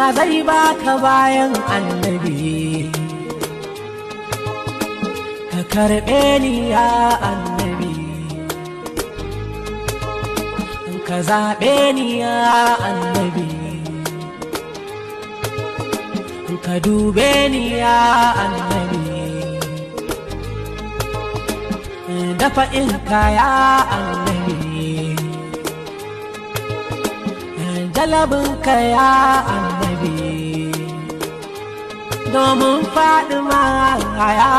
azai zai baka bayan annabi ka karɓe ni ya annabi ka zaɓe ni ya annabi ka dube ni ya annabi dafa in ya annabi kalabinka ya annabi domin faɗi ma ya